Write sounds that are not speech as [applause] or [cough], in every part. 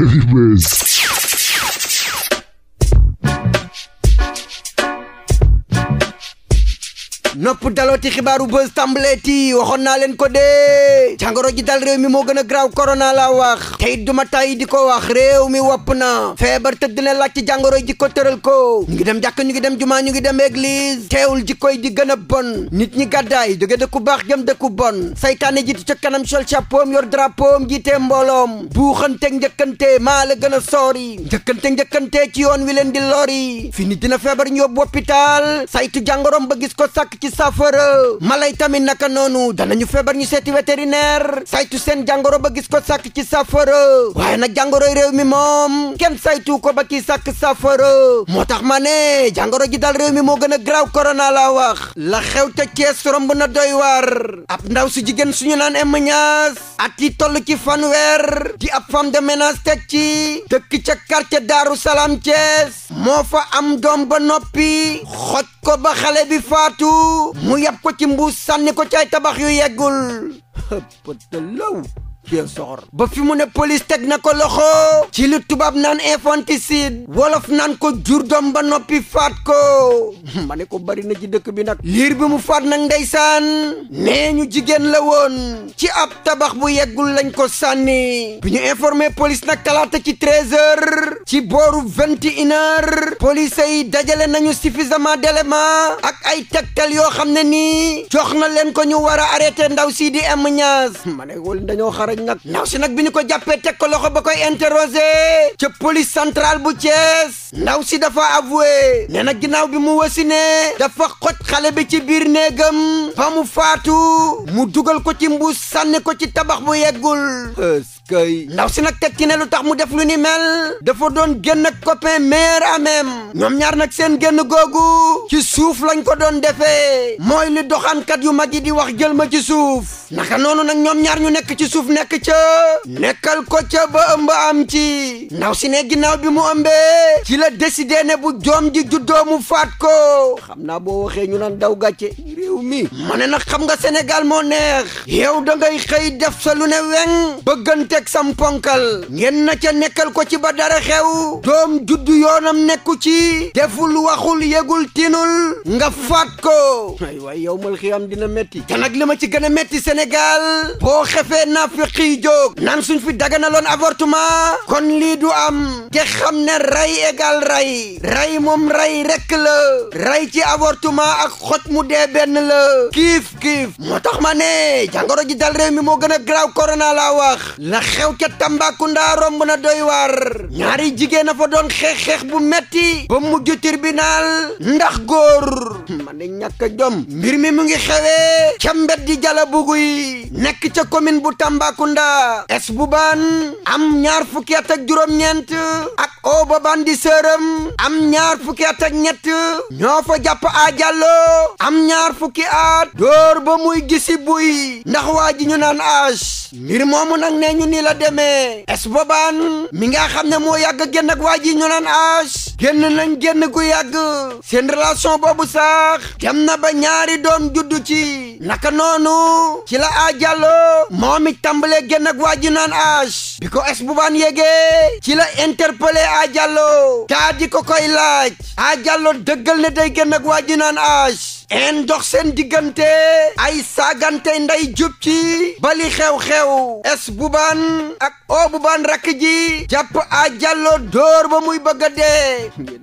Heavy Bass. nopp dalooti xibaaru buzz tàmbaleeti waxoon naa leen ko dee jàngoro ji dal réew mi moo gën a graaw corona laa wax tey duma tàyyi di ko wax réew mi wopp na feebar tëdd leen laaj ci jàngoro ji ko tëral ko ñu ngi dem jàkk ñu ngi dem jumaa ñu ngi dem église teewul ji koy di gën a bon nit ñi gàddaay jóge dëkku baax jëm dëkku bon saytaane jiitu ca kanam sol chapeau yor drapeau am jiitee mbooloom buuxanteeg njëkkante maa la gën a soori njëkkante njëkkante ci yoon wi leen di lori fi nit dina feebar ñu yóbbu hôpital saytu jàngoroom ba gis ci malay mala yi tamit naka noonu danañu feebar ñu seeti vétérinaire saytu seen jàngoro ba gis ko sàkk ci saafara waaye nag jàngoroy réew mi moom kenn saytu ko ba kii sàkk saafara moo tax ma ne jàngoro ji dal réew mi moo gën a graw corona laa wax la xew te Cees romb na doy waar ab ndaw si jigéen suñu naan emmañaas at yi toll ci fanweer di ab femme de ménage teg ci dëkk ca quartier Daaru Salaam Cees moo fa am doom ba noppi xoj ko ba xale bi faatu mu yab ko ci mbuus sànni ko ci ay tabax yu yeggul [laughs] pëtalaw cee soxor ba fi mu ne police teg na ko loxo ci lu tubaab naan infanticide wolof nan ko jur doom ba noppi faat ko [laughs] ma ne ko bari na ci dëkk bi nag liir bi mu faat nag ndeysaan nee ñu jigéen la woon ci ab tabax bu yeggul lañ ko sànni bi ñu informé police nag talaata ci treize heures ci booru vingt et une heures police yi dajale nañu suffisamment d'éléments ak ay tegtal yoo xam ne nii jox na leen ko ñu war a daw ndaw si di am ñaas [laughs] ma ne ko dañoo tëj nag ndaw si nag bi ñu ko jàppee teg ko loxo ba koy interroger ca police centrale bu Thiès ndaw si dafa avoué nee na ginnaaw bi mu wasine dafa xoj xale bi ci biir néegam ba mu faatu mu dugal ko ci mbuus sànni ko ci tabax bu yeggul këy ndaw si nag teg ci ne lu tax mu def lu ni mel dafa doon génn ak copain mère amem ñoom ñaar nag seen génn googu ci suuf lañ ko doon defee mooy li doxaankat yu mag yi di wax jël ma ci suuf naka noonu nag ñoom ñaar ñu nekk ci suuf nekk ca nekkal ko ca ba ëmb am ci ndaw si ne ginnaaw bi mu ëmbee ci la décidé ne bu joom ji juddoo mu faat ko xam naa boo waxee ñu naan daw gàcce réew mi ma ne nag xam nga Sénégal moo neex yow da ngay xëy def sa lu ne weŋ bëgganteeg sam ponkal ngeen na ca nekkal ko ci ba dara xew doom juddu yoonam nekku ci deful waxul yegul tinul nga faat ko ay waay yow mal xiyam dina metti te nag li ma ci gën a metti Sénégal boo xefee naa fi xii jóg nan suñ fi daganaloon avortement kon lii du am te xam ne rey égal rey rey moom rey rekk la rey ci avortement ak xot mu dee benn la kiif kiif moo tax ma ne jàngoro ji dal réew mi moo gën a graaw corona laa wax la xew ca Tambacounda romb na doy war ñaari jigéen a fa doon xeex-xeex bu metti ba mujj tribunal ndax góor ma ne ñàkk a jom mbir mi mu ngi xewee ca mbedd di jala buguy nekk ca commune bu Tambacounda es bu baan am ñaar fukki at ak juróom ak o ba baan di fukki at ak ñett ñoo fa jàpp a jàlloo am ñaar fukki fukki aat dóor ba muy gisi buy ndax waa ji ñu naan mbir moomu nag nee ñu ni la demee es bobaan mi nga xam ne moo yàgg génn ak waa ji ñu naan âge génn nañ génn gu yàgg seen relation boobu sax dem na ba ñaari doom juddu ci naka noonu ci la a jàllo moom it tàmbalee génn ak waa ji bi ko es bobaan ci la interpellé a jàllo daa ko koy laaj a ne day génn ak waa ji naan âge en dox seen diggante ay saagante nday jub ci bali xew-xew es buban ak o buban rakk ji jàpp a jàlloo dóor ba muy bëgg a dee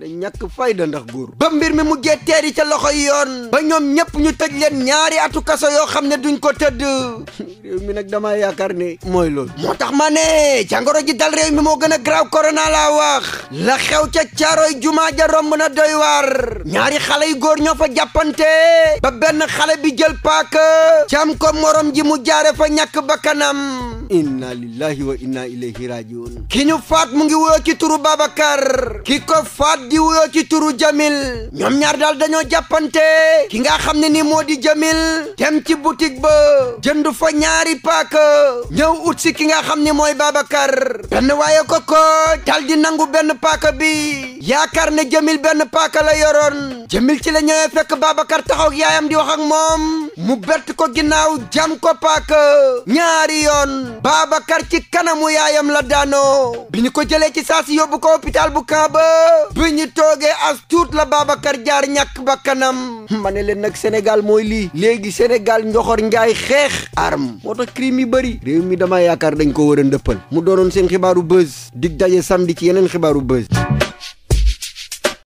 a ñàkk fayda ndax góor ba mbir mi mujjee teeri ca loxoy yoon ba ñoom ñépp ñu tëj leen ñaari atu kaso yoo xam ne duñ ko tëdd [laughs] réew mi nag damaa yaakaar ne mooy loolu moo tax ma ne jàngoro ji dal réew mi moo gën a graaw corona laa wax la xew ca caaroy jumaa ja romb na doy waar ñaari xale góor ñoo fa jàppante ba benn xale bi jël paaka jam ko morom ji mu jaare fa ñàkk bakkanam inna lillahi wa inna ilayhi ki ñu faat mu ngi wuyoo ci turu Babacar ki ko faat di wuyoo ci turu Jamil ñoom ñaar daal dañoo jàppante ki nga xam ne ni moo di Jamil dem ci boutique ba jënd fa ñaari paaka ñëw ut si ki nga xam ni mooy Babacar benn waaye ko ko dal di nangu benn paaka bi yaakaar ne Jamil benn paaka la yoroon Jamil ci la ñëwee fekk Babacar taxaw yaayam di wax ak moom mu bett ko ginnaaw jam ko paaka ñaari yoon Babacar ci kanamu yaayam la daanoo bi ñu ko jëlee ci saa si yóbbu ko hôpital bu camp ba bi ñu toogee as tuut la Babacar jaar ñàkk ba kanam ma ne leen nag Sénégal mooy lii léegi Sénégal njoxor njaay xeex arme moo tax crime yi bëri réew mi dama yaakaar dañ ko war a ndëppal mu doonoon seen xibaaru buzz dig daje samedi ci yeneen xibaaru buzz